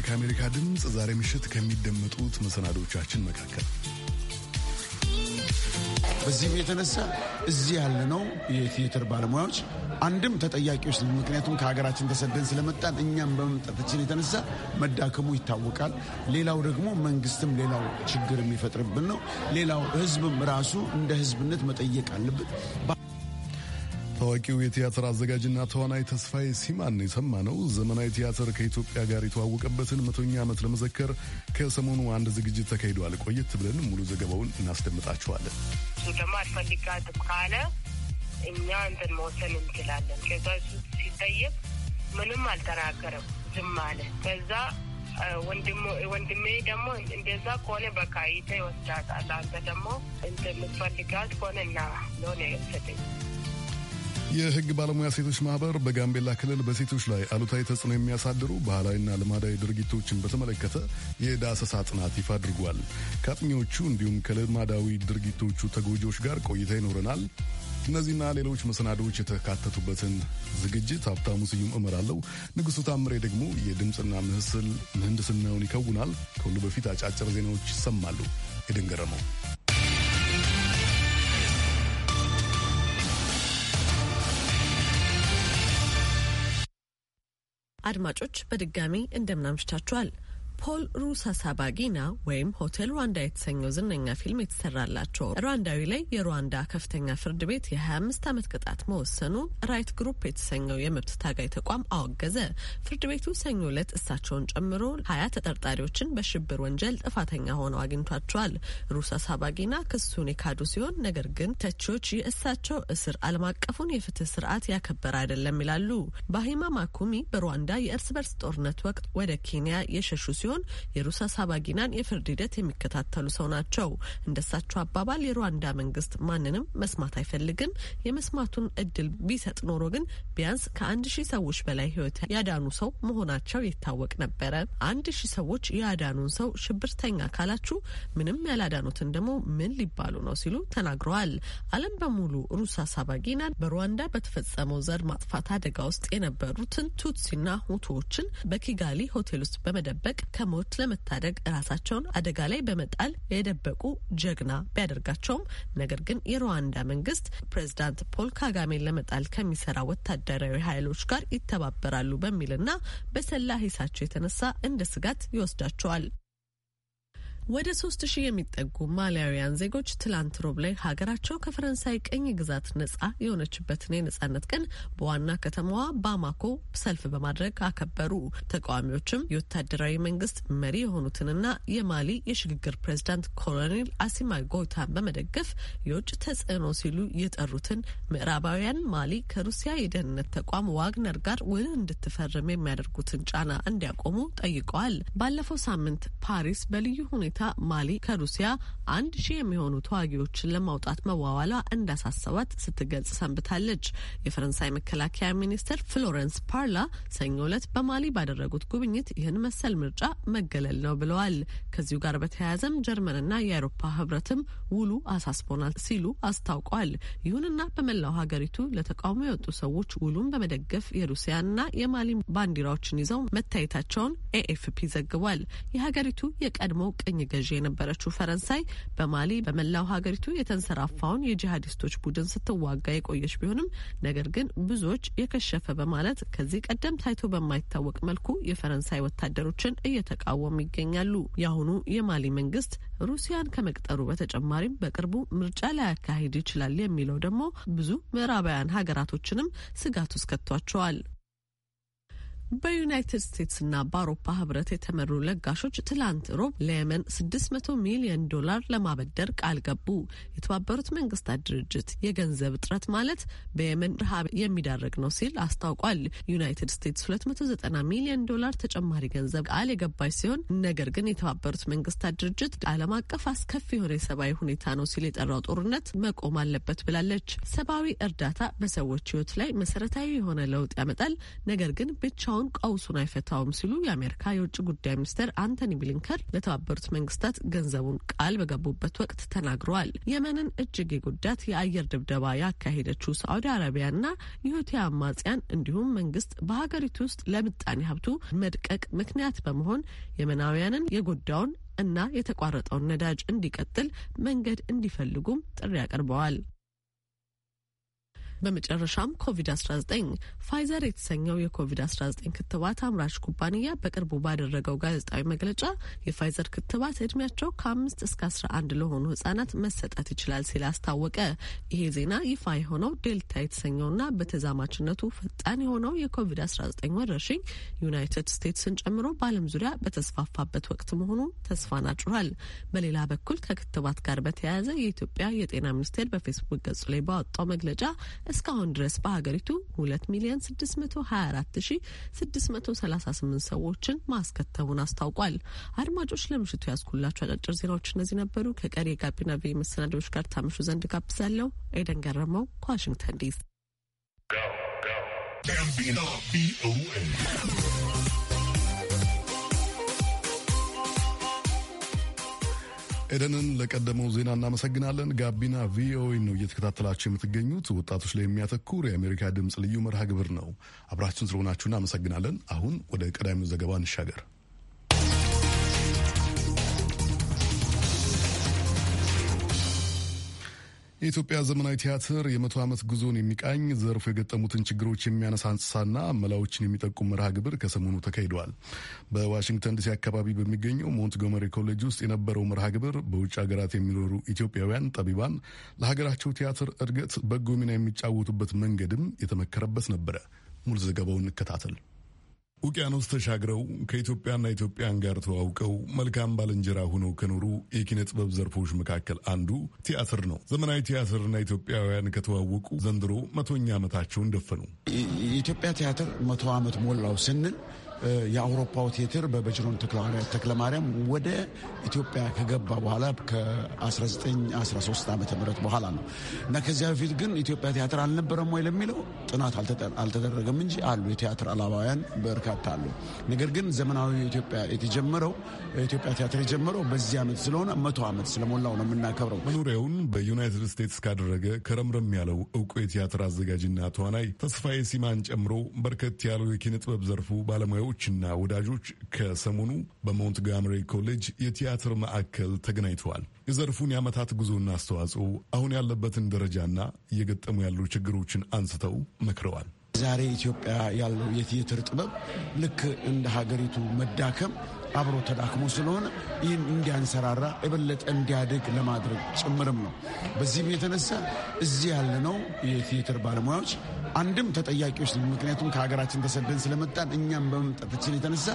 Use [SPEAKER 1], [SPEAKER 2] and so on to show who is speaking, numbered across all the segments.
[SPEAKER 1] በ ከአሜሪካ ድምፅ ዛሬ ምሽት ከሚደመጡት መሰናዶቻችን
[SPEAKER 2] መካከል በዚህም የተነሳ እዚህ ነው የቲያትር ባለሙያዎች አንድም ተጠያቂዎች ምክንያቱም ከሀገራችን ተሰደን ስለመጣን እኛም በመምጣታችን የተነሳ መዳከሙ ይታወቃል። ሌላው ደግሞ መንግስትም ሌላው ችግር የሚፈጥርብን ነው። ሌላው ህዝብም ራሱ እንደ ህዝብነት መጠየቅ አለበት።
[SPEAKER 1] ታዋቂው የቲያትር አዘጋጅና ተዋናይ ተስፋዬ ሲማን ነው። ዘመናዊ ቲያትር ከኢትዮጵያ ጋር የተዋወቀበትን መቶኛ ዓመት ለመዘከር ከሰሞኑ አንድ ዝግጅት ተካሂዷል። ቆየት ብለን ሙሉ ዘገባውን እናስደምጣችኋለን።
[SPEAKER 3] እሱ ደግሞ አልፈልጋትም ካለ እኛ እንትን መወሰን እንችላለን። ከዛ እሱ ሲጠየቅ ምንም አልተናገረም፣ ዝም አለ። ከዛ ወንድሜ ደግሞ እንደዛ ከሆነ በቃ ይተ ይወስዳታል፣ አንተ ደግሞ እንትን የምትፈልጋት ከሆነ እና ለሆነ የወሰደኝ
[SPEAKER 1] የህግ ባለሙያ ሴቶች ማህበር በጋምቤላ ክልል በሴቶች ላይ አሉታዊ ተጽዕኖ የሚያሳድሩ ባህላዊና ልማዳዊ ድርጊቶችን በተመለከተ የዳሰሳ ጥናት ይፋ አድርጓል። ከአጥኚዎቹ እንዲሁም ከልማዳዊ ድርጊቶቹ ተጎጂዎች ጋር ቆይታ ይኖረናል። እነዚህና ሌሎች መሰናዶዎች የተካተቱበትን ዝግጅት ሀብታሙ ስዩም እመራለሁ። ንጉሱ ታምሬ ደግሞ የድምፅና ምስል ምህንድስናውን ይከውናል። ከሁሉ በፊት አጫጭር ዜናዎች ይሰማሉ። የደንገረመው
[SPEAKER 4] አድማጮች በድጋሚ እንደምናምሽታችኋል። ፖል ሩሳሳባጊና ወይም ሆቴል ሩዋንዳ የተሰኘው ዝነኛ ፊልም የተሰራላቸው ሩዋንዳዊ ላይ የሩዋንዳ ከፍተኛ ፍርድ ቤት የ25 ዓመት ቅጣት መወሰኑ ራይት ግሩፕ የተሰኘው የመብት ታጋይ ተቋም አወገዘ። ፍርድ ቤቱ ሰኞ ዕለት እሳቸውን ጨምሮ ሀያ ተጠርጣሪዎችን በሽብር ወንጀል ጥፋተኛ ሆነው አግኝቷቸዋል። ሩሳሳባጊና ክሱን የካዱ ሲሆን ነገር ግን ተቺዎች የእሳቸው እስር ዓለም አቀፉን የፍትህ ስርዓት ያከበረ አይደለም ይላሉ። ባሂማ ማኩሚ በሩዋንዳ የእርስ በርስ ጦርነት ወቅት ወደ ኬንያ የሸሹ ሲሆን ሲሆን የሩሳ ሳባጊናን የፍርድ ሂደት የሚከታተሉ ሰው ናቸው። እንደሳቸው አባባል የሩዋንዳ መንግስት ማንንም መስማት አይፈልግም። የመስማቱን እድል ቢሰጥ ኖሮ ግን ቢያንስ ከአንድ ሺህ ሰዎች በላይ ህይወት ያዳኑ ሰው መሆናቸው ይታወቅ ነበረ። አንድ ሺህ ሰዎች ያዳኑን ሰው ሽብርተኛ ካላችሁ ምንም ያላዳኑትን ደግሞ ምን ሊባሉ ነው ሲሉ ተናግረዋል። ዓለም በሙሉ ሩሳ ሳባጊና በሩዋንዳ በተፈጸመው ዘር ማጥፋት አደጋ ውስጥ የነበሩትን ቱትሲና ሆቶዎችን በኪጋሊ ሆቴል ውስጥ በመደበቅ ከሞት ለመታደግ ራሳቸውን አደጋ ላይ በመጣል የደበቁ ጀግና ቢያደርጋቸውም ነገር ግን የሩዋንዳ መንግስት ፕሬዚዳንት ፖል ካጋሜን ለመጣል ከሚሰራ ወታደራዊ ኃይሎች ጋር ይተባበራሉ በሚልና በሰላ ሂሳቸው የተነሳ እንደ ስጋት ይወስዳቸዋል። ወደ ሶስት ሺህ የሚጠጉ ማሊያውያን ዜጎች ትላንት ሮብ ላይ ሀገራቸው ከፈረንሳይ ቅኝ ግዛት ነጻ የሆነችበትን የነጻነት ቀን በዋና ከተማዋ ባማኮ ሰልፍ በማድረግ አከበሩ። ተቃዋሚዎችም የወታደራዊ መንግስት መሪ የሆኑትንና የማሊ የሽግግር ፕሬዚዳንት ኮሎኔል አሲማ ጎይታን በመደገፍ የውጭ ተጽዕኖ ሲሉ የጠሩትን ምዕራባውያን ማሊ ከሩሲያ የደህንነት ተቋም ዋግነር ጋር ውል እንድትፈርም የሚያደርጉትን ጫና እንዲያቆሙ ጠይቀዋል። ባለፈው ሳምንት ፓሪስ በልዩ ሁኔታ ማሊ ከሩሲያ አንድ ሺህ የሚሆኑ ተዋጊዎችን ለማውጣት መዋዋሏ እንዳሳሰባት ስትገልጽ ሰንብታለች። የፈረንሳይ መከላከያ ሚኒስትር ፍሎረንስ ፓርላ ሰኞ እለት በማሊ ባደረጉት ጉብኝት ይህን መሰል ምርጫ መገለል ነው ብለዋል። ከዚሁ ጋር በተያያዘም ጀርመንና የአውሮፓ ህብረትም ውሉ አሳስቦናል ሲሉ አስታውቋል። ይሁንና በመላው ሀገሪቱ ለተቃውሞ የወጡ ሰዎች ውሉን በመደገፍ የሩሲያና የማሊ ባንዲራዎችን ይዘው መታየታቸውን ኤኤፍፒ ዘግቧል። የሀገሪቱ የቀድሞ ቅኝ ቅኝ ገዢ የነበረችው ፈረንሳይ በማሊ በመላው ሀገሪቱ የተንሰራፋውን የጂሀዲስቶች ቡድን ስትዋጋ የቆየች ቢሆንም ነገር ግን ብዙዎች የከሸፈ በማለት ከዚህ ቀደም ታይቶ በማይታወቅ መልኩ የፈረንሳይ ወታደሮችን እየተቃወሙ ይገኛሉ። የአሁኑ የማሊ መንግስት ሩሲያን ከመቅጠሩ በተጨማሪም በቅርቡ ምርጫ ሊያካሂድ ይችላል የሚለው ደግሞ ብዙ ምዕራባውያን ሀገራቶችንም ስጋት ውስጥ ከቷቸዋል። በዩናይትድ ስቴትስና በአውሮፓ ህብረት የተመሩ ለጋሾች ትላንት ሮብ ለየመን 600 ሚሊዮን ዶላር ለማበደር ቃል ገቡ። የተባበሩት መንግስታት ድርጅት የገንዘብ እጥረት ማለት በየመን ረሃብ የሚዳረግ ነው ሲል አስታውቋል። ዩናይትድ ስቴትስ 290 ሚሊዮን ዶላር ተጨማሪ ገንዘብ ቃል የገባች ሲሆን ነገር ግን የተባበሩት መንግስታት ድርጅት ዓለም አቀፍ አስከፊ የሆነ የሰብአዊ ሁኔታ ነው ሲል የጠራው ጦርነት መቆም አለበት ብላለች። ሰብአዊ እርዳታ በሰዎች ህይወት ላይ መሰረታዊ የሆነ ለውጥ ያመጣል፣ ነገር ግን ብቻ። ብቻውን ቀውሱን አይፈታውም ሲሉ የአሜሪካ የውጭ ጉዳይ ሚኒስትር አንቶኒ ብሊንከን ለተባበሩት መንግስታት ገንዘቡን ቃል በገቡበት ወቅት ተናግረዋል። የመንን እጅግ የጎዳት የአየር ድብደባ ያካሄደችው ሳዑዲ አረቢያና የሁቲ አማጽያን እንዲሁም መንግስት በሀገሪቱ ውስጥ ለምጣኔ ሀብቱ መድቀቅ ምክንያት በመሆን የመናውያንን የጎዳውን እና የተቋረጠውን ነዳጅ እንዲቀጥል መንገድ እንዲፈልጉም ጥሪ አቅርበዋል። በመጨረሻም ኮቪድ-19 ፋይዘር የተሰኘው የኮቪድ-19 ክትባት አምራች ኩባንያ በቅርቡ ባደረገው ጋዜጣዊ መግለጫ የፋይዘር ክትባት እድሜያቸው ከአምስት እስከ አስራ አንድ ለሆኑ ህጻናት መሰጠት ይችላል ሲል አስታወቀ። ይሄ ዜና ይፋ የሆነው ዴልታ የተሰኘውና በተዛማችነቱ ፈጣን የሆነው የኮቪድ-19 ወረርሽኝ ዩናይትድ ስቴትስን ጨምሮ በዓለም ዙሪያ በተስፋፋበት ወቅት መሆኑ ተስፋን አጭሯል። በሌላ በኩል ከክትባት ጋር በተያያዘ የኢትዮጵያ የጤና ሚኒስቴር በፌስቡክ ገጹ ላይ ባወጣው መግለጫ እስካሁን ድረስ በሀገሪቱ 2 ሚሊዮን 624638 ሰዎችን ማስከተቡን አስታውቋል። አድማጮች ለምሽቱ ያስኩላቸው አጫጭር ዜናዎች እነዚህ ነበሩ። ከቀሪ የጋቢና ቪ መሰናዶዎች ጋር ታምሹ ዘንድ ጋብዛለሁ። ኤደን ገረመው ከዋሽንግተን ዲሲ
[SPEAKER 1] ኤደንን ለቀደመው ዜና እናመሰግናለን። ጋቢና ቪኦኤ ነው እየተከታተላችሁ የምትገኙት። ወጣቶች ላይ የሚያተኩር የአሜሪካ ድምፅ ልዩ መርሃ ግብር ነው። አብራችን ስለሆናችሁ እናመሰግናለን። አሁን ወደ ቀዳሚው ዘገባ እንሻገር። የኢትዮጵያ ዘመናዊ ቲያትር የመቶ ዓመት ጉዞን የሚቃኝ ዘርፉ የገጠሙትን ችግሮች የሚያነሳ አንስሳና መላዎችን የሚጠቁም መርሃ ግብር ከሰሞኑ ተካሂደዋል። በዋሽንግተን ዲሲ አካባቢ በሚገኘው ሞንትጎመሪ ኮሌጅ ውስጥ የነበረው መርሃ ግብር በውጭ ሀገራት የሚኖሩ ኢትዮጵያውያን ጠቢባን ለሀገራቸው ቲያትር እድገት በጎ ሚና የሚጫወቱበት መንገድም የተመከረበት ነበረ። ሙሉ ዘገባውን እንከታተል። ውቅያኖስ ተሻግረው ከኢትዮጵያና ኢትዮጵያን ጋር ተዋውቀው መልካም ባልንጀራ ሆነው ከኖሩ የኪነ ጥበብ ዘርፎች መካከል አንዱ ቲያትር ነው። ዘመናዊ ቲያትርና ኢትዮጵያውያን ከተዋወቁ
[SPEAKER 2] ዘንድሮ መቶኛ ዓመታቸውን ደፈኑ። የኢትዮጵያ ቲያትር መቶ ዓመት ሞላው ስንል የአውሮፓው ቴትር በበጅሮን ተክለ ማርያም ወደ ኢትዮጵያ ከገባ በኋላ ከ1913 ዓ ም በኋላ ነው እና ከዚያ በፊት ግን ኢትዮጵያ ቲያትር አልነበረም ወይ ለሚለው ጥናት አልተደረገም እንጂ አሉ የቲያትር አላባውያን በርካታ አሉ። ነገር ግን ዘመናዊ ኢትዮጵያ የተጀመረው ኢትዮጵያ ቲያትር የጀመረው በዚህ ዓመት ስለሆነ መቶ ዓመት ስለሞላው ነው የምናከብረው። መኖሪያውን በዩናይትድ ስቴትስ ካደረገ ከረምረም ያለው እውቁ
[SPEAKER 1] የቲያትር አዘጋጅና ተዋናይ ተስፋዬ ሲማን ጨምሮ በርከት ያለው የኪነ ጥበብ ዘርፉ ባለሙያው። ባለሙያዎችና ወዳጆች ከሰሞኑ በሞንት ኮሌጅ የቲያትር ማዕከል ተገናኝተዋል። የዘርፉን የዓመታት ጉዞና አስተዋጽኦ፣ አሁን ያለበትን ደረጃና እየገጠሙ ያሉ ችግሮችን አንስተው መክረዋል።
[SPEAKER 2] ዛሬ ኢትዮጵያ ያለው የቲያትር ጥበብ ልክ እንደ ሀገሪቱ መዳከም አብሮ ተዳክሞ ስለሆነ ይህን እንዲያንሰራራ የበለጠ እንዲያድግ ለማድረግ ጭምርም ነው። በዚህም የተነሳ እዚህ ያለነው የቲያትር ባለሙያዎች አንድም ተጠያቂዎች ምክንያቱም ከሀገራችን ተሰደን ስለመጣን እኛም በመምጣታችን የተነሳ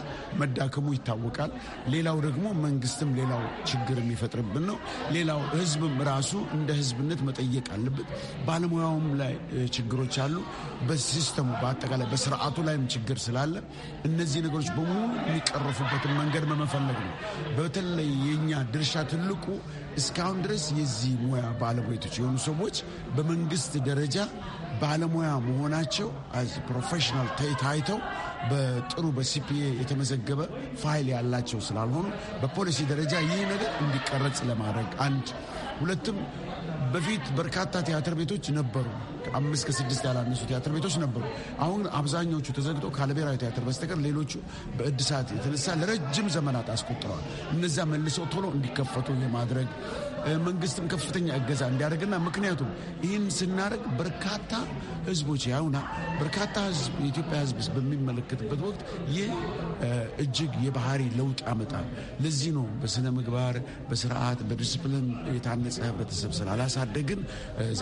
[SPEAKER 2] መዳከሙ ይታወቃል። ሌላው ደግሞ መንግስትም ሌላው ችግር የሚፈጥርብን ነው። ሌላው ህዝብም ራሱ እንደ ህዝብነት መጠየቅ አለበት። ባለሙያውም ላይ ችግሮች አሉ። በሲስተሙ በአጠቃላይ በስርዓቱ ላይም ችግር ስላለ እነዚህ ነገሮች በሙሉ የሚቀረፉበትን መንገድ በመፈለግ ነው። በተለይ የእኛ ድርሻ ትልቁ እስካሁን ድረስ የዚህ ሙያ ባለሙያቶች የሆኑ ሰዎች በመንግስት ደረጃ ባለሙያ መሆናቸው ፕሮፌሽናል ታይተው በጥሩ በሲፒኤ የተመዘገበ ፋይል ያላቸው ስላልሆኑ በፖሊሲ ደረጃ ይህ ነገር እንዲቀረጽ ለማድረግ አንድ ሁለትም በፊት በርካታ ቲያትር ቤቶች ነበሩ። አምስት ከስድስት ያላነሱ ቲያትር ቤቶች ነበሩ። አሁን አብዛኛዎቹ ተዘግቶ ካለብሔራዊ ቲያትር በስተቀር ሌሎቹ በእድሳት የተነሳ ለረጅም ዘመናት አስቆጥረዋል። እነዚያ መልሰው ቶሎ እንዲከፈቱ የማድረግ መንግስትም ከፍተኛ እገዛ እንዲያደርግና ምክንያቱም ይህን ስናደርግ በርካታ ህዝቦች ያውና በርካታ ህዝብ የኢትዮጵያ ህዝብ በሚመለከትበት ወቅት ይህ እጅግ የባህሪ ለውጥ ያመጣል። ለዚህ ነው በስነ ምግባር፣ በስርዓት፣ በዲስፕሊን የታነጸ ህብረተሰብ ስላላሳደግን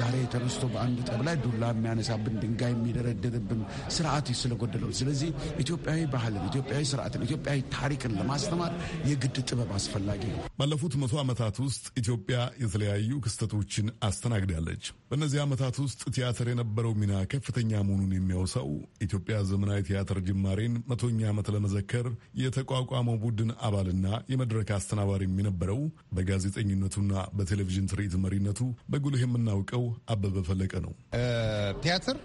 [SPEAKER 2] ዛሬ ተነስቶ በአንድ ጠብ ላይ ዱላ የሚያነሳብን ድንጋይ የሚደረድርብን ስርዓት ስለጎደለው። ስለዚህ ኢትዮጵያዊ ባህልን፣ ኢትዮጵያዊ ስርዓትን፣ ኢትዮጵያዊ ታሪክን ለማስተማር የግድ ጥበብ አስፈላጊ ነው።
[SPEAKER 1] ባለፉት መቶ ዓመታት ውስጥ ኢትዮጵያ ኢትዮጵያ የተለያዩ ክስተቶችን አስተናግዳለች። በእነዚህ ዓመታት ውስጥ ቲያትር የነበረው ሚና ከፍተኛ መሆኑን የሚያውሳው ኢትዮጵያ ዘመናዊ ቲያትር ጅማሬን መቶኛ ዓመት ለመዘከር የተቋቋመው ቡድን አባልና የመድረክ አስተናባሪም የነበረው በጋዜጠኝነቱና በቴሌቪዥን ትርኢት መሪነቱ በጉልህ የምናውቀው አበበ ፈለቀ ነው።
[SPEAKER 5] ቲያትር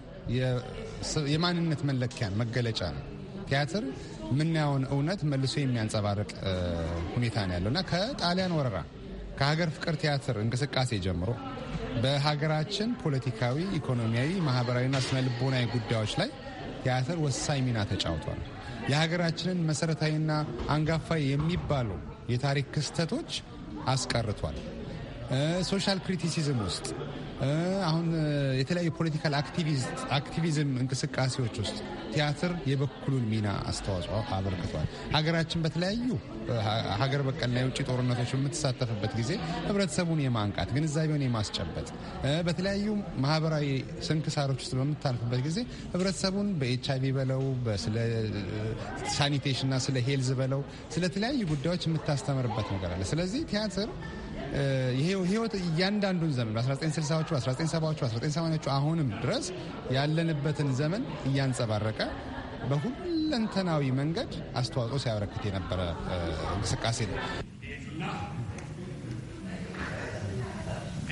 [SPEAKER 5] የማንነት መለኪያን መገለጫ ነው። ቲያትር የምናየውን እውነት መልሶ የሚያንጸባርቅ ሁኔታ ነው ያለው እና ከጣሊያን ወረራ ከሀገር ፍቅር ቲያትር እንቅስቃሴ ጀምሮ በሀገራችን ፖለቲካዊ፣ ኢኮኖሚያዊ፣ ማህበራዊና ስነ ልቦናዊ ጉዳዮች ላይ ቲያትር ወሳኝ ሚና ተጫውቷል። የሀገራችንን መሰረታዊና አንጋፋ የሚባሉ የታሪክ ክስተቶች አስቀርቷል። ሶሻል ክሪቲሲዝም ውስጥ አሁን የተለያዩ ፖለቲካል አክቲቪዝም እንቅስቃሴዎች ውስጥ ቲያትር የበኩሉን ሚና አስተዋጽኦ አበርክቷል። ሀገራችን በተለያዩ ሀገር በቀልና የውጭ ጦርነቶች በምትሳተፍበት ጊዜ ህብረተሰቡን የማንቃት ግንዛቤውን የማስጨበጥ በተለያዩ ማህበራዊ ስንክሳሮች ውስጥ በምታልፍበት ጊዜ ህብረተሰቡን በኤች አይቪ በለው ስለ ሳኒቴሽንና ስለ ሄልዝ በለው ስለተለያዩ ጉዳዮች የምታስተምርበት ነገር አለ። ስለዚህ ቲያትር ህይወት እያንዳንዱን ዘመን በ1960ዎቹ፣ 1970ዎቹ፣ 1980ዎቹ አሁንም ድረስ ያለንበትን ዘመን እያንጸባረቀ በሁለንተናዊ መንገድ አስተዋጽኦ ሲያበረክት የነበረ እንቅስቃሴ ነው።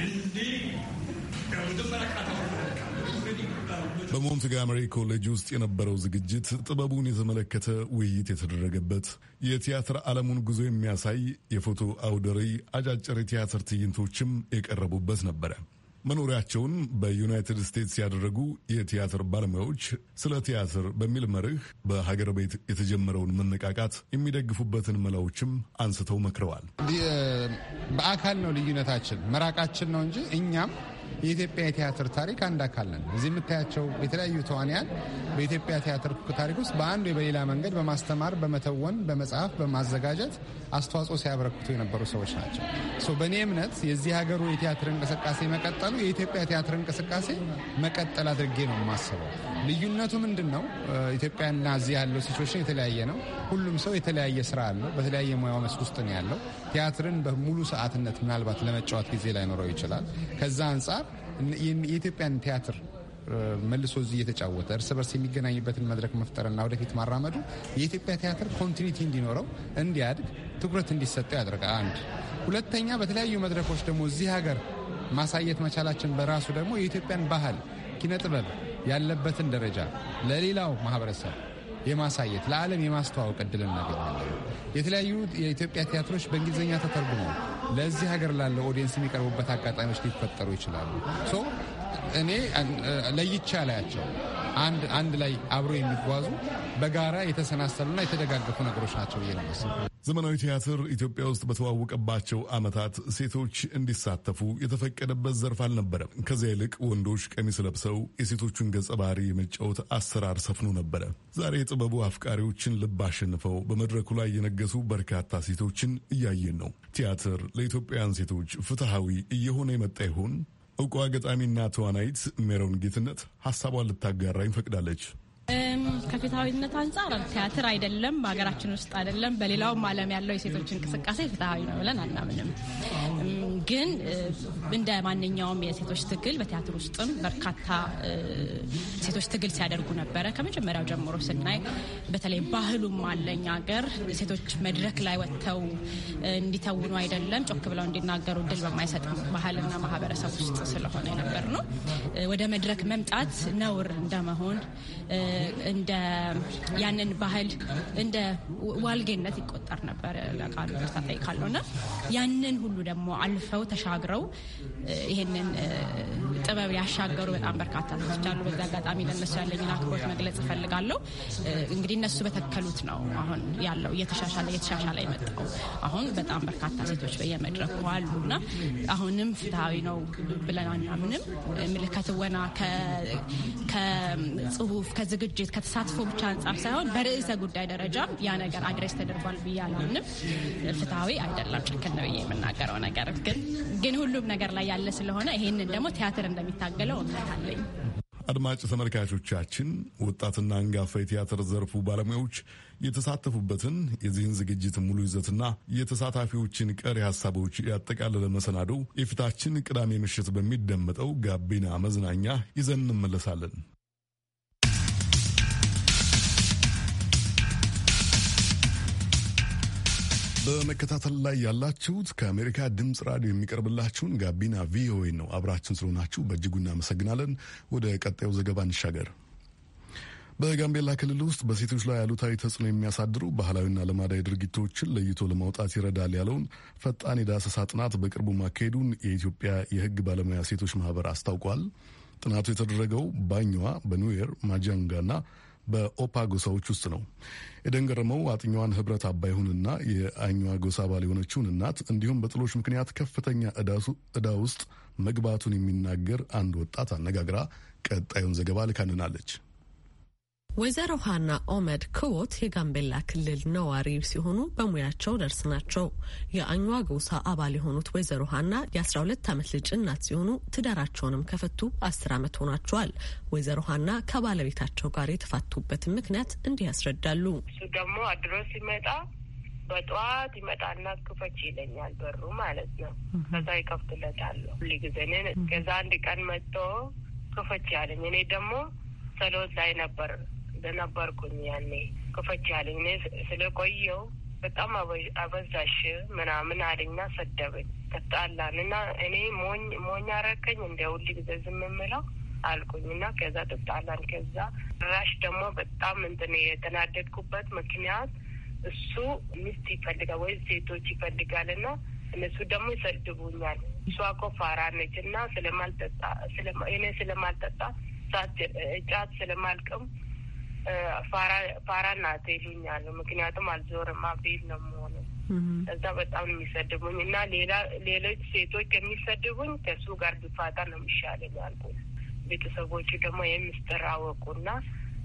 [SPEAKER 6] እንዲህ
[SPEAKER 1] በሞንትጋመሪ ኮሌጅ ውስጥ የነበረው ዝግጅት ጥበቡን የተመለከተ ውይይት የተደረገበት የቲያትር ዓለሙን ጉዞ የሚያሳይ የፎቶ አውደ ርዕይ፣ አጫጭር የቲያትር ትዕይንቶችም የቀረቡበት ነበረ። መኖሪያቸውን በዩናይትድ ስቴትስ ያደረጉ የቲያትር ባለሙያዎች ስለ ቲያትር በሚል መርህ በሀገር ቤት የተጀመረውን መነቃቃት የሚደግፉበትን መላዎችም አንስተው መክረዋል።
[SPEAKER 5] በአካል ነው ልዩነታችን፣ መራቃችን ነው እንጂ እኛም የኢትዮጵያ የቲያትር ታሪክ አንድ አካል ነን። እዚህ የምታያቸው የተለያዩ ተዋንያን በኢትዮጵያ ቲያትር ታሪክ ውስጥ በአንድ በሌላ መንገድ በማስተማር፣ በመተወን፣ በመጽሐፍ፣ በማዘጋጀት አስተዋጽኦ ሲያበረክቱ የነበሩ ሰዎች ናቸው። በእኔ እምነት የዚህ ሀገሩ የቲያትር እንቅስቃሴ መቀጠሉ የኢትዮጵያ ቲያትር እንቅስቃሴ መቀጠል አድርጌ ነው የማስበው። ልዩነቱ ምንድን ነው? ኢትዮጵያና እዚህ ያለው ሲቹዌሽን የተለያየ ነው። ሁሉም ሰው የተለያየ ስራ አለው። በተለያየ ሙያው መስክ ውስጥ ነው ያለው። ቲያትርን በሙሉ ሰዓትነት ምናልባት ለመጫወት ጊዜ ላይኖረው ይችላል። ከዛ አንጻር የኢትዮጵያን ቲያትር መልሶ እዚህ እየተጫወተ እርስ በርስ የሚገናኝበትን መድረክ መፍጠርና ወደፊት ማራመዱ የኢትዮጵያ ቲያትር ኮንቲኒቲ እንዲኖረው እንዲያድግ ትኩረት እንዲሰጠው ያደርጋል። አንድ ሁለተኛ፣ በተለያዩ መድረኮች ደግሞ እዚህ ሀገር ማሳየት መቻላችን በራሱ ደግሞ የኢትዮጵያን ባህል ኪነጥበብ ያለበትን ደረጃ ለሌላው ማህበረሰብ የማሳየት ለዓለም የማስተዋወቅ እድል እናገኛለን። የተለያዩ የኢትዮጵያ ቲያትሮች በእንግሊዝኛ ተተርጉመው ለዚህ ሀገር ላለው ኦዲየንስ የሚቀርቡበት አጋጣሚዎች ሊፈጠሩ ይችላሉ። ሶ እኔ ለይቻ ላያቸው አንድ ላይ አብሮ የሚጓዙ በጋራ የተሰናሰሉና የተደጋገፉ ነገሮች ናቸው ብዬ ነው ዘመናዊ ቲያትር ኢትዮጵያ ውስጥ በተዋወቀባቸው ዓመታት
[SPEAKER 1] ሴቶች እንዲሳተፉ የተፈቀደበት ዘርፍ አልነበረም። ከዚያ ይልቅ ወንዶች ቀሚስ ለብሰው የሴቶቹን ገጸ ባህሪ የመጫወት አሰራር ሰፍኖ ነበረ። ዛሬ የጥበቡ አፍቃሪዎችን ልብ አሸንፈው በመድረኩ ላይ የነገሱ በርካታ ሴቶችን እያየን ነው። ቲያትር ለኢትዮጵያውያን ሴቶች ፍትሐዊ እየሆነ የመጣ ይሆን? እውቋ ገጣሚና ተዋናይት ሜሮን ጌትነት ሀሳቧን ልታጋራ ፈቅዳለች።
[SPEAKER 7] ከፍትሐዊነት አንጻር ቲያትር አይደለም በሀገራችን ውስጥ አይደለም በሌላውም ዓለም ያለው የሴቶች እንቅስቃሴ ፍትሐዊ ነው ብለን አናምንም። ግን እንደ ማንኛውም የሴቶች ትግል በቲያትር ውስጥም በርካታ ሴቶች ትግል ሲያደርጉ ነበረ። ከመጀመሪያው ጀምሮ ስናይ በተለይ ባህሉም አለኝ ሀገር ሴቶች መድረክ ላይ ወጥተው እንዲተውኑ አይደለም ጮክ ብለው እንዲናገሩ እድል በማይሰጥ ባህልና ማህበረሰብ ውስጥ ስለሆነ ነበር ነው ወደ መድረክ መምጣት ነውር እንደመሆን እንደ ያንን ባህል እንደ ዋልጌነት ይቆጠር ነበር። ለቃሉ ይቅርታ እጠይቃለሁ እና ያንን ሁሉ ደግሞ አልፈው ተሻግረው ይሄንን ጥበብ ያሻገሩ በጣም በርካታ ሰዎች አሉ። በዚህ አጋጣሚ ለነሱ ያለኝን አክብሮት መግለጽ እፈልጋለሁ። እንግዲህ እነሱ በተከሉት ነው አሁን ያለው እየተሻሻለ እየተሻሻለ የመጣው አሁን በጣም በርካታ ሴቶች በየመድረኩ አሉ እና አሁንም ፍትሐዊ ነው ብለን አናምንም። ምልከትወና ከጽሁፍ ከዝግ ዝግጅት ከተሳትፎ ብቻ አንጻር ሳይሆን በርዕሰ ጉዳይ ደረጃም ያ ነገር አድሬስ ተደርጓል ብዬ አላምንም። ፍትሐዊ አይደለም ጭክል ነው ብዬ የምናገረው ነገር ግን ግን ሁሉም ነገር ላይ ያለ ስለሆነ ይሄንን ደግሞ ቲያትር እንደሚታገለው እምነት
[SPEAKER 1] አድማጭ ተመልካቾቻችን ወጣትና አንጋፋ የቲያትር ዘርፉ ባለሙያዎች የተሳተፉበትን የዚህን ዝግጅት ሙሉ ይዘትና የተሳታፊዎችን ቀሪ ሀሳቦች ያጠቃለለ መሰናዶ የፊታችን ቅዳሜ ምሽት በሚደመጠው ጋቢና መዝናኛ ይዘን እንመለሳለን። በመከታተል ላይ ያላችሁት ከአሜሪካ ድምፅ ራዲዮ የሚቀርብላችሁን ጋቢና ቪኦኤ ነው። አብራችን ስለሆናችሁ በእጅጉ እናመሰግናለን። ወደ ቀጣዩ ዘገባ እንሻገር። በጋምቤላ ክልል ውስጥ በሴቶች ላይ አሉታዊ ተጽዕኖ የሚያሳድሩ ባህላዊና ልማዳዊ ድርጊቶችን ለይቶ ለማውጣት ይረዳል ያለውን ፈጣን የዳሰሳ ጥናት በቅርቡ ማካሄዱን የኢትዮጵያ የሕግ ባለሙያ ሴቶች ማህበር አስታውቋል። ጥናቱ የተደረገው ባኛዋ፣ በኑዌር ማጃንጋና በኦፓ ጎሳዎች ውስጥ ነው። ኤደን ገረመው አጥኛዋን ህብረት አባይሁንና የአኛዋ ጎሳ አባል የሆነችውን እናት እንዲሁም በጥሎች ምክንያት ከፍተኛ እዳ ውስጥ መግባቱን የሚናገር አንድ ወጣት አነጋግራ ቀጣዩን ዘገባ ልካንናለች።
[SPEAKER 4] ወይዘሮ ሀና ኦመድ ክቦት የጋምቤላ ክልል ነዋሪ ሲሆኑ በሙያቸው ነርስ ናቸው። የአኟ ጎሳ አባል የሆኑት ወይዘሮ ሀና የአስራ ሁለት ዓመት ልጅ እናት ሲሆኑ ትዳራቸውንም ከፈቱ አስር ዓመት ሆኗቸዋል። ወይዘሮ ሀና ከባለቤታቸው ጋር የተፋቱበትን ምክንያት እንዲህ ያስረዳሉ።
[SPEAKER 3] እሱ ደግሞ አድሮ ሲመጣ በጠዋት ይመጣና ክፈች ይለኛል፣ በሩ ማለት ነው። ከዛ ይከፍትለታለሁ ሁል ጊዜ። ከዛ አንድ ቀን መጥቶ ክፈች ያለኝ እኔ ደግሞ ሰሎት ላይ ነበር ነበርኩኝ ያኔ ክፈች አለኝ። እኔ ስለቆየው በጣም አበዛሽ ምናምን አለኝና ሰደበኝ። ተጣላን እና እኔ ሞኝ ሞኝ አረከኝ እንደ ሁል ጊዜ ዝም የምለው አልኩኝ እና ከዛ ተጣላን። ከዛ ራሽ ደግሞ በጣም እንትን የተናደድኩበት ምክንያት እሱ ሚስት ይፈልጋል ወይ ሴቶች ይፈልጋል እና እነሱ ደግሞ ይሰድቡኛል። እሷ እኮ ፋራ ነች እና ስለማልጠጣ እኔ ስለማልጠጣ ጫት ስለማልቅም ፋራ እናት ይሉኛል። ምክንያቱም አልዞርማ ቤት ነው የምሆነው። እዛ በጣም የሚሰድቡኝ እና ሌላ ሌሎች ሴቶች የሚሰድቡኝ ከሱ ጋር ቢፋታ ነው የሚሻለኝ አልኩኝ። ቤተሰቦቹ ደግሞ የምስጥር አወቁና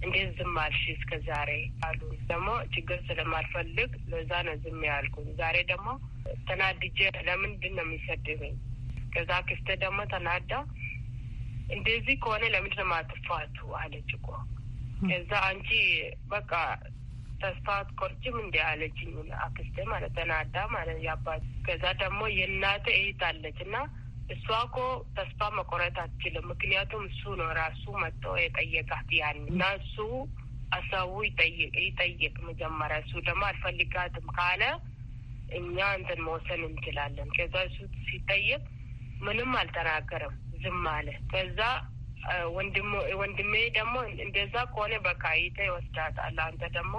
[SPEAKER 3] እንዴት ዝም አልሽ እስከ ዛሬ አሉ። ደግሞ ችግር ስለማልፈልግ ለዛ ነው ዝም ያልኩኝ። ዛሬ ደግሞ ተናድጄ ለምንድን ነው የሚሰድብኝ? ከዛ ክስተ ደግሞ ተናዳ እንደዚህ ከሆነ ለምንድን ነው ማጥፋቱ አለች እኮ ከዛ አንቺ በቃ ተስፋ አትቆርጭም እንዲ አለችኝ አክስቴ ማለት ተናዳ ማለት ያባት። ከዛ ደግሞ የእናተ እህት አለች እና እሷ እኮ ተስፋ መቆረጥ አትችልም። ምክንያቱም እሱ ነው ራሱ መጥቶ የጠየቃት ያን እና እሱ አሳቡ ይጠይቅ ይጠይቅ መጀመሪያ እሱ ደግሞ አልፈልጋትም ካለ እኛ እንትን መወሰን እንችላለን። ከዛ እሱ ሲጠይቅ ምንም አልተናገረም፣ ዝም አለ። ከዛ ወንድሜ ደግሞ እንደዛ ከሆነ በቃ ይተ ይወስዳታል። አንተ ደግሞ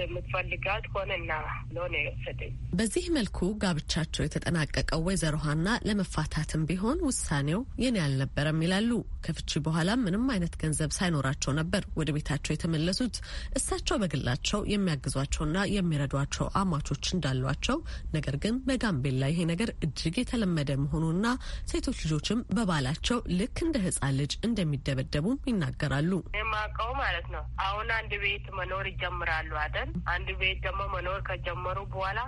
[SPEAKER 3] የምትፈልጋት ከሆነ እና ለሆነ የወሰደኝ
[SPEAKER 4] በዚህ መልኩ ጋብቻቸው የተጠናቀቀው ወይዘሮ ሀና ለመፋታትም ቢሆን ውሳኔው የኔ አልነበረም ይላሉ። ከፍቺ በኋላ ምንም አይነት ገንዘብ ሳይኖራቸው ነበር ወደ ቤታቸው የተመለሱት። እሳቸው በግላቸው የሚያግዟቸውና የሚረዷቸው አማቾች እንዳሏቸው፣ ነገር ግን በጋምቤላ ይሄ ነገር እጅግ የተለመደ መሆኑና ሴቶች ልጆችም በባላቸው ልክ እንደ ህጻን ልጅ እንደሚደበደቡም ይናገራሉ።
[SPEAKER 3] የማውቀው ማለት ነው። አሁን አንድ ቤት መኖር ይጀምራሉ አይደል? አንድ ቤት ደግሞ መኖር ከጀመሩ በኋላ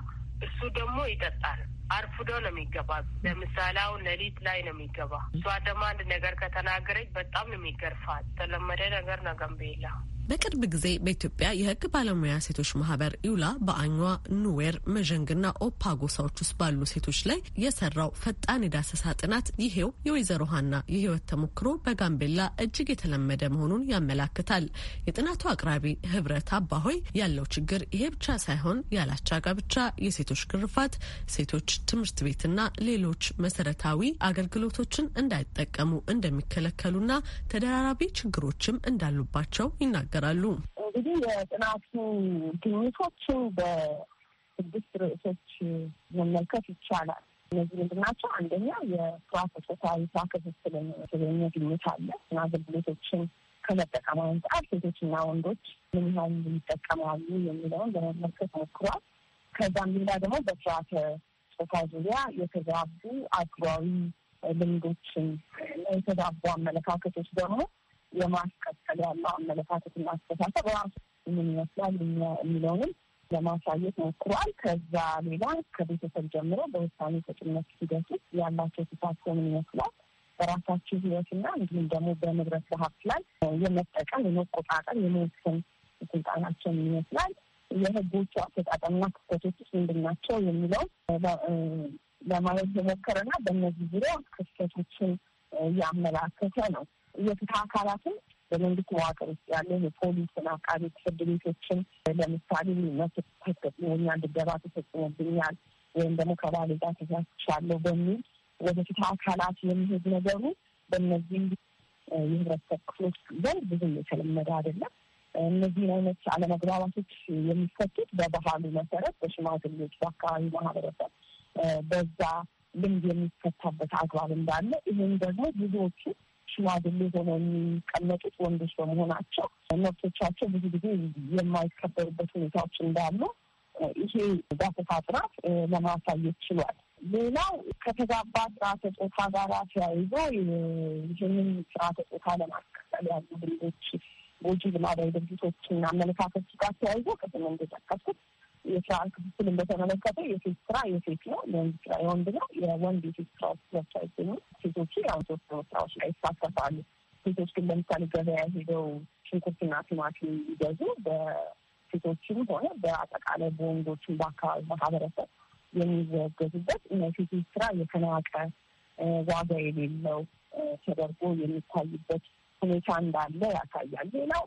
[SPEAKER 3] እሱ ደግሞ ይጠጣል። አርፍዶ ነው የሚገባ። ለምሳሌ አሁን ሌሊት ላይ ነው የሚገባ። እሷ ደግሞ አንድ ነገር ከተናገረች በጣም ነው የሚገርፋት። ተለመደ ነገር ነው ጋምቤላ
[SPEAKER 4] በቅርብ ጊዜ በኢትዮጵያ የህግ ባለሙያ ሴቶች ማህበር ኢውላ በአኟ፣ ኑዌር፣ መዠንግና ኦፓ ጎሳዎች ውስጥ ባሉ ሴቶች ላይ የሰራው ፈጣን የዳሰሳ ጥናት ይሄው የወይዘሮ ሀና የህይወት ተሞክሮ በጋምቤላ እጅግ የተለመደ መሆኑን ያመላክታል። የጥናቱ አቅራቢ ህብረት አባሆይ ያለው ችግር ይሄ ብቻ ሳይሆን ያላቻ ጋብቻ፣ የሴቶች ግርፋት፣ ሴቶች ትምህርት ቤትና ሌሎች መሰረታዊ አገልግሎቶችን እንዳይጠቀሙ እንደሚከለከሉና ተደራራቢ ችግሮችም እንዳሉባቸው ይናገራል። ይናገራሉ።
[SPEAKER 8] እንግዲህ የጥናቱ ግኝቶችን በስድስት ርዕሶች መመልከት ይቻላል። እነዚህ ምንድን ናቸው? አንደኛ የስርዓተ ፆታዊ ስራ ክፍፍል የተገኘ ግኝት አለ አገልግሎቶችን ከመጠቀም አንጻር ሴቶችና ወንዶች ምን ያህል ይጠቀማሉ የሚለውን ለመመልከት ሞክሯል። ከዛም ሌላ ደግሞ በስርዓተ ፆታ ዙሪያ የተዛቡ አድሏዊ ልምዶችን የተዛቡ አመለካከቶች ደግሞ የማስቀጠል ያለው አመለካከትና አስተሳሰብ ራሱ ምን ይመስላል የሚለውንም ለማሳየት ሞክሯል። ከዛ ሌላ ከቤተሰብ ጀምሮ በውሳኔ ሰጭነት ሂደት ውስጥ ያላቸው ተሳትፎ ምን ይመስላል በራሳቸው ሕይወትና እንዲሁም ደግሞ በንብረት ሀብት ላይ የመጠቀም የመቆጣጠር፣ የመወሰን ስልጣናቸው ምን ይመስላል የህጎቹ አፈጣጠምና ክፍተቶች ውስጥ ምንድን ናቸው የሚለው ለማየት የሞከረና በእነዚህ ዙሪያ ክፍተቶችን እያመላከተ ነው። የፍትህ አካላትን በመንግስት መዋቅር ውስጥ ያለ የፖሊስን፣ አቃቤ ፍርድ ቤቶችን ለምሳሌ መብት ተፈጽሞብኛል፣ ድብደባ ተፈጽሞብኛል ወይም ደግሞ ከባሌ ጋር በሚል ወደ ፍትህ አካላት የሚሄድ ነገሩ በእነዚህ የህብረተሰብ ክፍሎች ዘንድ ብዙም የተለመደ አይደለም። እነዚህን አይነት አለመግባባቶች የሚፈቱት በባህሉ መሰረት በሽማግሌዎች፣ በአካባቢ ማህበረሰብ በዛ ልምድ የሚፈታበት አግባብ እንዳለ ይህም ደግሞ ብዙዎቹ ሽማግሌ ሆነው የሚቀመጡት ወንዶች በመሆናቸው መብቶቻቸው ብዙ ጊዜ የማይከበሩበት ሁኔታዎች እንዳሉ ይሄ ዳሰሳ ጥናት ለማሳየት ችሏል። ሌላው ከተዛባ ስርዓተ ጾታ ጋር ተያይዞ ይህንን ስርዓተ ጾታ ለማስቀጠል ያሉ ድርጊቶች ጎጂ ልማዳዊ ድርጊቶችና አመለካከቶች ጋር ተያይዞ ቅድም እንደጠቀስኩት የስራ ክፍፍልን በተመለከተ የሴት ስራ የሴት ነው፣ የወንድ ስራ የወንድ ነው። የወንድ የሴት ስራዎች ብቻ ይገኙ ሴቶች ያው ሶስት ስራዎች ላይ ይሳተፋሉ። ሴቶች ግን ለምሳሌ ገበያ ሄደው ሽንኩርትና ቲማቲም ይገዙ በሴቶችም ሆነ በአጠቃላይ በወንዶችም በአካባቢ ማህበረሰብ የሚዘገዙበት የሴቶች ስራ የተናቀ ዋጋ የሌለው ተደርጎ የሚታይበት ሁኔታ እንዳለ ያሳያል። ሌላው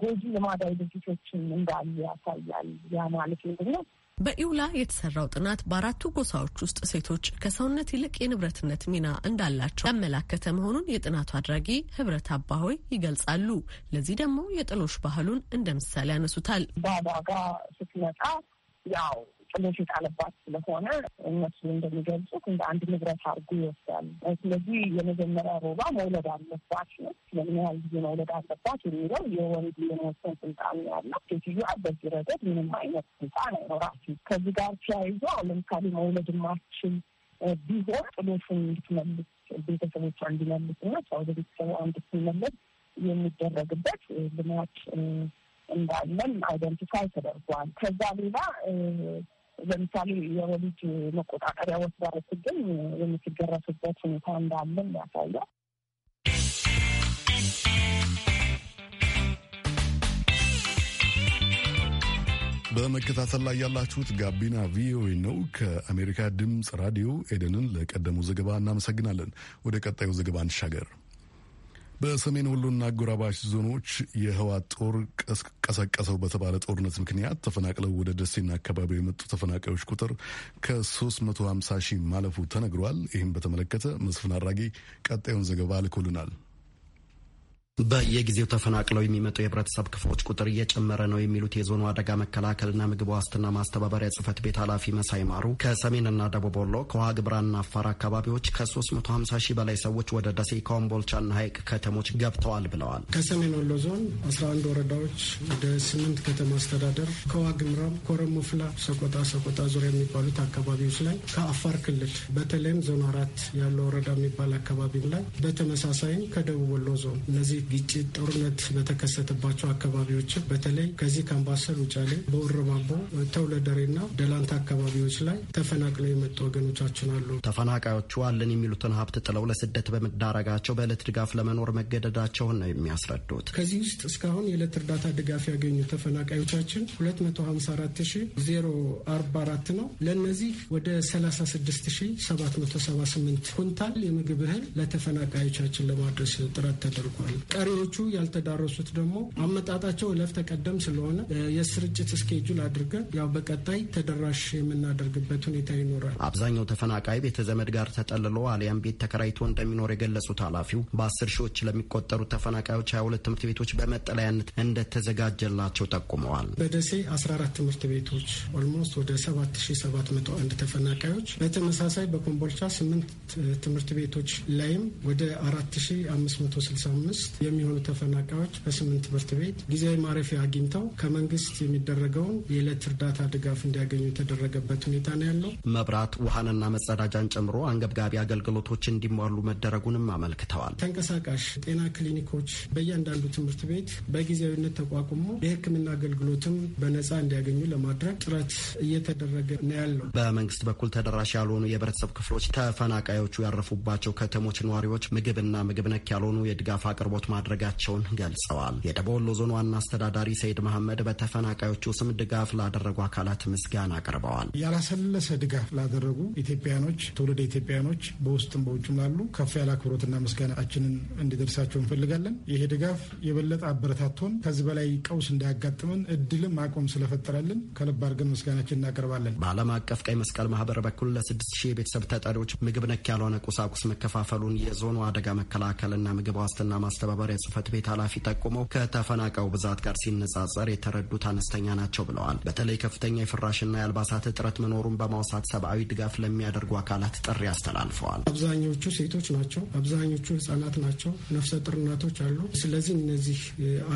[SPEAKER 8] ጎጂ ልማዳዊ ድርጊቶችን እንዳሉ ያሳያል። ያ
[SPEAKER 4] ማለት ምንድን ነው? በኢውላ የተሰራው ጥናት በአራቱ ጎሳዎች ውስጥ ሴቶች ከሰውነት ይልቅ የንብረትነት ሚና እንዳላቸው ያመላከተ መሆኑን የጥናቱ አድራጊ ህብረት አባሆይ ይገልጻሉ። ለዚህ ደግሞ የጥሎሽ ባህሉን እንደ ምሳሌ ያነሱታል። ባባ ጋ ስትመጣ ያው ጥሎሽ የጣለባት ስለሆነ እነሱ እንደሚገልጹት እንደ አንድ
[SPEAKER 8] ንብረት አድርጎ ይወስዳሉ። ስለዚህ የመጀመሪያ ሮባ መውለድ አለባት ነው። ስለምን ያህል ጊዜ መውለድ አለባት የሚለው የወንድ የመወሰን ስልጣን ያለው፣ ሴትዮዋ በዚህ ረገድ ምንም አይነት ስልጣን አይኖራትም። ከዚህ ጋር ተያይዞ ለምሳሌ መውለድ ማችል ቢሆን ጥሎሹን እንድትመልስ ቤተሰቦቿ እንዲመልስ እና ሰው ቤተሰቡ እንድትመለስ የሚደረግበት ልማት እንዳለን አይደንቲፋይ ተደርጓል። ከዛ ሌላ ለምሳሌ የወሊድ መቆጣጠሪያ ወስዳ ስገኝ የምትገረሱበት ሁኔታ እንዳለን ያሳያል።
[SPEAKER 1] በመከታተል ላይ ያላችሁት ጋቢና ቪኦኤ ነው ከአሜሪካ ድምፅ ራዲዮ። ኤደንን ለቀደመው ዘገባ እናመሰግናለን። ወደ ቀጣዩ ዘገባ እንሻገር። በሰሜን ወሎና አጎራባች ዞኖች የህዋት ጦር ቀሰቀሰው በተባለ ጦርነት ምክንያት ተፈናቅለው ወደ ደሴና አካባቢው የመጡ ተፈናቃዮች ቁጥር ከ350 ሺህ ማለፉ ተነግሯል።
[SPEAKER 9] ይህም በተመለከተ መስፍን አራጌ ቀጣዩን ዘገባ ልኮልናል። በየጊዜው ተፈናቅለው የሚመጡ የህብረተሰብ ክፍሎች ቁጥር እየጨመረ ነው የሚሉት የዞኑ አደጋ መከላከልና ምግብ ዋስትና ማስተባበሪያ ጽህፈት ቤት ኃላፊ መሳይ ማሩ ከሰሜንና ደቡብ ወሎ ከውሃ ግብራና አፋር አካባቢዎች ከ350 ሺህ በላይ ሰዎች ወደ ደሴ ኮምቦልቻና ሀይቅ ከተሞች ገብተዋል ብለዋል።
[SPEAKER 6] ከሰሜን ወሎ ዞን 11 ወረዳዎች ወደ 8 ከተማ አስተዳደር ከውሃ ግምራም፣ ኮረሞ ፍላ፣ ሰቆጣ፣ ሰቆጣ ዙሪያ የሚባሉት አካባቢዎች ላይ ከአፋር ክልል በተለይም ዞን አራት ያለው ወረዳ የሚባል አካባቢም ላይ በተመሳሳይም ከደቡብ ወሎ ዞን እነዚህ ግጭት፣ ጦርነት በተከሰተባቸው አካባቢዎች በተለይ ከዚህ ከአምባሰል ውጫሌ፣ በወረባቦ፣ ተውለደሬና ደላንታ አካባቢዎች ላይ ተፈናቅለው የመጡ ወገኖቻችን አሉ።
[SPEAKER 9] ተፈናቃዮቹ አለን የሚሉትን ሀብት ጥለው ለስደት በመዳረጋቸው በዕለት ድጋፍ ለመኖር መገደዳቸውን ነው የሚያስረዱት። ከዚህ ውስጥ እስካሁን የዕለት እርዳታ ድጋፍ ያገኙ ተፈናቃዮቻችን
[SPEAKER 6] 254044 ነው። ለእነዚህ ወደ 36778 ኩንታል የምግብ እህል ለተፈናቃዮቻችን ለማድረስ ጥረት ተደርጓል። ቀሪዎቹ ያልተዳረሱት ደግሞ አመጣጣቸው እለፍ ተቀደም ስለሆነ የስርጭት እስኬጁል አድርገን ያው በቀጣይ ተደራሽ የምናደርግበት ሁኔታ ይኖራል።
[SPEAKER 9] አብዛኛው ተፈናቃይ ቤተዘመድ ጋር ተጠልሎ አሊያም ቤት ተከራይቶ እንደሚኖር የገለጹት ኃላፊው በአስር ሺዎች ለሚቆጠሩ ተፈናቃዮች ሁለት ትምህርት ቤቶች በመጠለያነት እንደተዘጋጀላቸው ጠቁመዋል።
[SPEAKER 6] በደሴ 14 ትምህርት ቤቶች ኦልሞስት ወደ 7701 ተፈናቃዮች፣ በተመሳሳይ በኮምቦልቻ 8 ትምህርት ቤቶች ላይም ወደ 4565 የሚሆኑ ተፈናቃዮች በስምንት ትምህርት ቤት ጊዜያዊ ማረፊያ አግኝተው ከመንግስት የሚደረገውን የዕለት እርዳታ ድጋፍ እንዲያገኙ የተደረገበት ሁኔታ ነው ያለው።
[SPEAKER 9] መብራት ውሃንና መጸዳጃን ጨምሮ አንገብጋቢ አገልግሎቶች እንዲሟሉ መደረጉንም አመልክተዋል። ተንቀሳቃሽ ጤና ክሊኒኮች በእያንዳንዱ
[SPEAKER 6] ትምህርት ቤት በጊዜያዊነት ተቋቁሞ የሕክምና አገልግሎትም በነፃ እንዲያገኙ ለማድረግ
[SPEAKER 9] ጥረት እየተደረገ ነው ያለው። በመንግስት በኩል ተደራሽ ያልሆኑ የህብረተሰብ ክፍሎች ተፈናቃዮቹ ያረፉባቸው ከተሞች ነዋሪዎች ምግብና ምግብ ነክ ያልሆኑ የድጋፍ አቅርቦት ማድረጋቸውን ገልጸዋል። የደቡብ ወሎ ዞን ዋና አስተዳዳሪ ሰይድ መሐመድ በተፈናቃዮቹ ስም ድጋፍ ላደረጉ አካላት ምስጋና አቅርበዋል።
[SPEAKER 6] ያላሰለሰ ድጋፍ ላደረጉ ኢትዮጵያኖች፣ ትውልደ ኢትዮጵያኖች በውስጥም በውጭም ላሉ ከፍ ያለ አክብሮትና ምስጋናችንን እንዲደርሳቸው እንፈልጋለን። ይሄ ድጋፍ የበለጠ አበረታቶን ከዚህ በላይ ቀውስ እንዳያጋጥመን እድልም አቆም ስለፈጠረልን ከልብ
[SPEAKER 9] አድርገን ምስጋናችን እናቀርባለን። በዓለም አቀፍ ቀይ መስቀል ማህበር በኩል ለስድስት ሺህ የቤተሰብ ተጠሪዎች ምግብ ነክ ያልሆነ ቁሳቁስ መከፋፈሉን የዞኑ አደጋ መከላከልና ምግብ ዋስትና ማስተባበር ማህበሪያ ጽህፈት ቤት ኃላፊ ጠቁመው ከተፈናቀው ብዛት ጋር ሲነጻጸር የተረዱት አነስተኛ ናቸው ብለዋል። በተለይ ከፍተኛ የፍራሽና የአልባሳት እጥረት መኖሩን በማውሳት ሰብአዊ ድጋፍ ለሚያደርጉ አካላት ጥሪ አስተላልፈዋል።
[SPEAKER 6] አብዛኞቹ ሴቶች ናቸው። አብዛኞቹ ህጻናት ናቸው። ነፍሰ ጡር እናቶች አሉ። ስለዚህ እነዚህ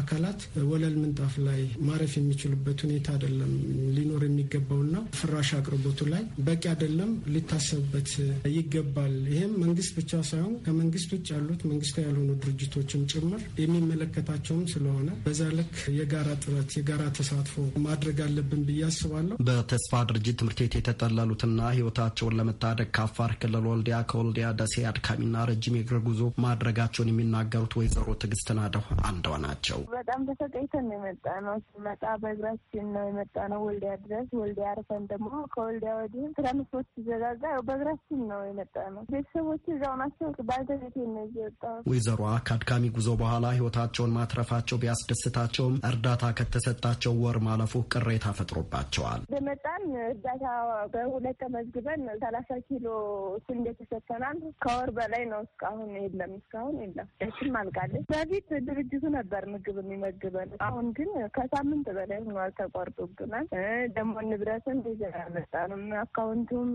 [SPEAKER 6] አካላት ወለል ምንጣፍ ላይ ማረፍ የሚችሉበት ሁኔታ አይደለም ሊኖር የሚገባውና ፍራሽ አቅርቦቱ ላይ በቂ አይደለም፣ ሊታሰብበት ይገባል። ይህም መንግስት ብቻ ሳይሆን ከመንግስት ውጭ ያሉት መንግስታዊ ያልሆኑ ድርጅቶችም ጭ ጭምር የሚመለከታቸውም ስለሆነ በዛ ልክ የጋራ ጥረት የጋራ ተሳትፎ ማድረግ አለብን ብዬ
[SPEAKER 2] አስባለሁ።
[SPEAKER 9] በተስፋ ድርጅት ትምህርት ቤት የተጠለሉትና ህይወታቸውን ለመታደግ ከአፋር ክልል ወልዲያ፣ ከወልዲያ ደሴ አድካሚና ረጅም የእግር ጉዞ ማድረጋቸውን የሚናገሩት ወይዘሮ ትዕግስት ናደው አንዷ ናቸው።
[SPEAKER 8] በጣም ተሰቃይተን ነው የመጣ ነው። ስንመጣ በእግራችን ነው የመጣ ነው ወልዲያ ድረስ። ወልዲያ አርፈን ደግሞ ከወልዲያ ወዲህም ትራንስፖርት ሲዘጋጋ በእግራችን ነው የመጣ ነው። ቤተሰቦች እዛው ናቸው። ባልተቤቴ ነው
[SPEAKER 9] ወይዘሮ ከአድካሚ ጉዞ በኋላ ህይወታቸውን ማትረፋቸው ቢያስደስታቸውም እርዳታ ከተሰጣቸው ወር ማለፉ ቅሬታ ፈጥሮባቸዋል።
[SPEAKER 8] በመጣን እርዳታ በሁለት ተመዝግበን ሰላሳ ኪሎ ስንዴ ተሰጥተናል። ከወር በላይ ነው። እስካሁን የለም፣ እስካሁን የለም። ደችም አልቃለች። በፊት ድርጅቱ ነበር ምግብ የሚመግበን። አሁን ግን ከሳምንት በላይ ሆኗል። ተቆርጦብናል። ደግሞ ንብረትን ይዘናመጣ ነው። አካውንቱም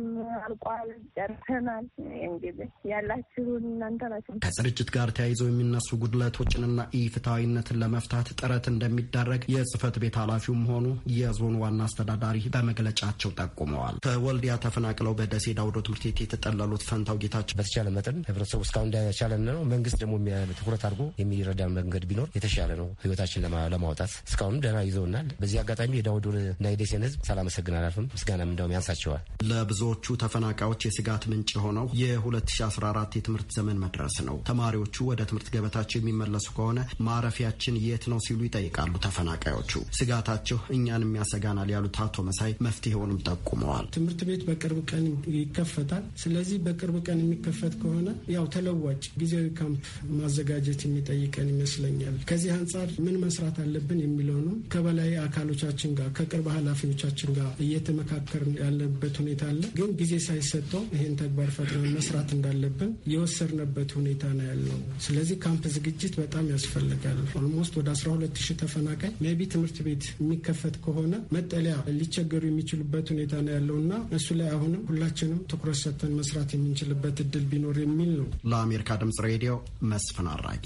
[SPEAKER 8] አልቋል። ጨርሰናል። እንግዲህ ያላችሁን እናንተ ናቸው።
[SPEAKER 9] ከስርጭት ጋር ተያይዘው የሚነሱ ጉዳዮች ጉድለቶችንና ኢፍትሐዊነትን ለመፍታት ጥረት እንደሚደረግ የጽህፈት ቤት ኃላፊውም ሆኑ የዞን ዋና አስተዳዳሪ በመግለጫቸው ጠቁመዋል። ከወልዲያ ተፈናቅለው በደሴ ዳውዶ ትምህርት ቤት የተጠለሉት ፈንታው ጌታቸው በተቻለ መጠን ህብረተሰቡ እስካሁን እንዳቻለ ነው። መንግስት ደግሞ ትኩረት አድርጎ የሚረዳ መንገድ ቢኖር የተሻለ ነው። ህይወታችን ለማውጣት እስካሁን ደህና ይዘውናል። በዚህ አጋጣሚ የዳውዶን እና የደሴን ህዝብ ሳላመሰግን አላልፍም። ምስጋና እንዳውም ያንሳቸዋል። ለብዙዎቹ ተፈናቃዮች የስጋት ምንጭ የሆነው የ2014 የትምህርት ዘመን መድረስ ነው። ተማሪዎቹ ወደ ትምህርት ገበታቸው የሚመለሱ ከሆነ ማረፊያችን የት ነው ሲሉ ይጠይቃሉ ተፈናቃዮቹ። ስጋታቸው እኛንም ያሰጋናል ያሉት አቶ መሳይ መፍትሄውንም ጠቁመዋል። ትምህርት ቤት በቅርብ ቀን ይከፈታል። ስለዚህ በቅርብ ቀን
[SPEAKER 6] የሚከፈት ከሆነ ያው ተለዋጭ ጊዜያዊ ካምፕ ማዘጋጀት የሚጠይቀን ይመስለኛል። ከዚህ አንጻር ምን መስራት አለብን የሚለውንም ከበላይ አካሎቻችን ጋር ከቅርብ ኃላፊዎቻችን ጋር እየተመካከር ያለበት ሁኔታ አለ። ግን ጊዜ ሳይሰጠው ይህን ተግባር ፈጥነን መስራት እንዳለብን የወሰድንበት ሁኔታ ነው ያለው። ስለዚህ ካምፕ ዝግ ዝግጅት በጣም ያስፈልጋል። ኦልሞስት ወደ 12 ሺህ ተፈናቃይ ሜቢ ትምህርት ቤት የሚከፈት ከሆነ መጠለያ ሊቸገሩ የሚችሉበት ሁኔታ ነው ያለው እና እሱ ላይ አሁንም ሁላችንም ትኩረት ሰጥተን መስራት የምንችልበት እድል
[SPEAKER 9] ቢኖር የሚል ነው። ለአሜሪካ ድምጽ ሬዲዮ መስፍን አራጌ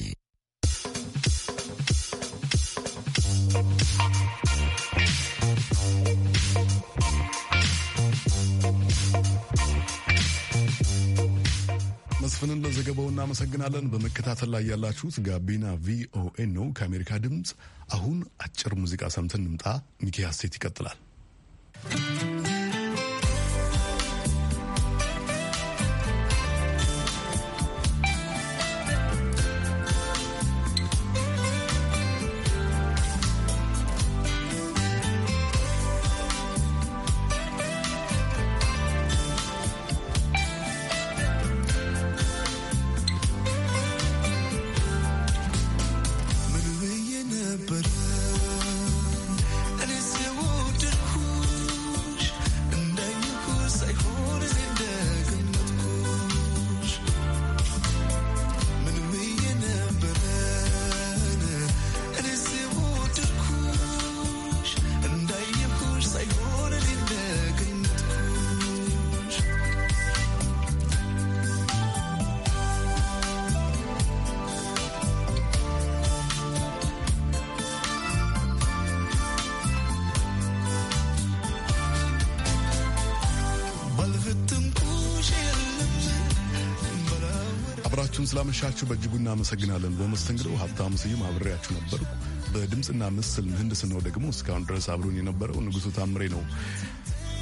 [SPEAKER 1] መስፍንን ለዘገባው እናመሰግናለን። በመከታተል ላይ ያላችሁት ጋቢና ቪኦኤ ነው ከአሜሪካ ድምፅ። አሁን አጭር ሙዚቃ ሰምተን እንምጣ። ሚኪያስሴት ይቀጥላል። አብራችሁን ስላመሻችሁ በእጅጉ እናመሰግናለን። በመስተንግደው ሀብታሙ ስዩም አብሬያችሁ ነበርኩ። በድምፅና ምስል ምህንድስናው ደግሞ እስካሁን ድረስ አብሮን የነበረው ንጉሱ ታምሬ ነው።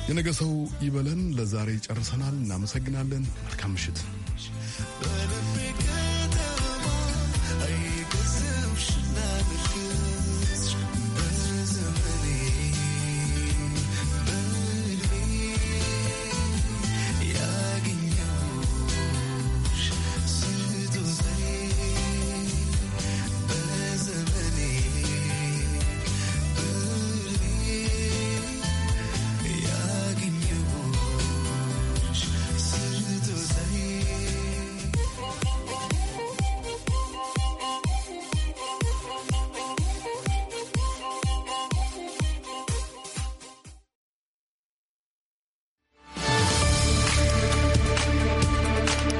[SPEAKER 1] የነገ ሰው ይበለን። ለዛሬ ጨርሰናል። እናመሰግናለን። መልካም ምሽት።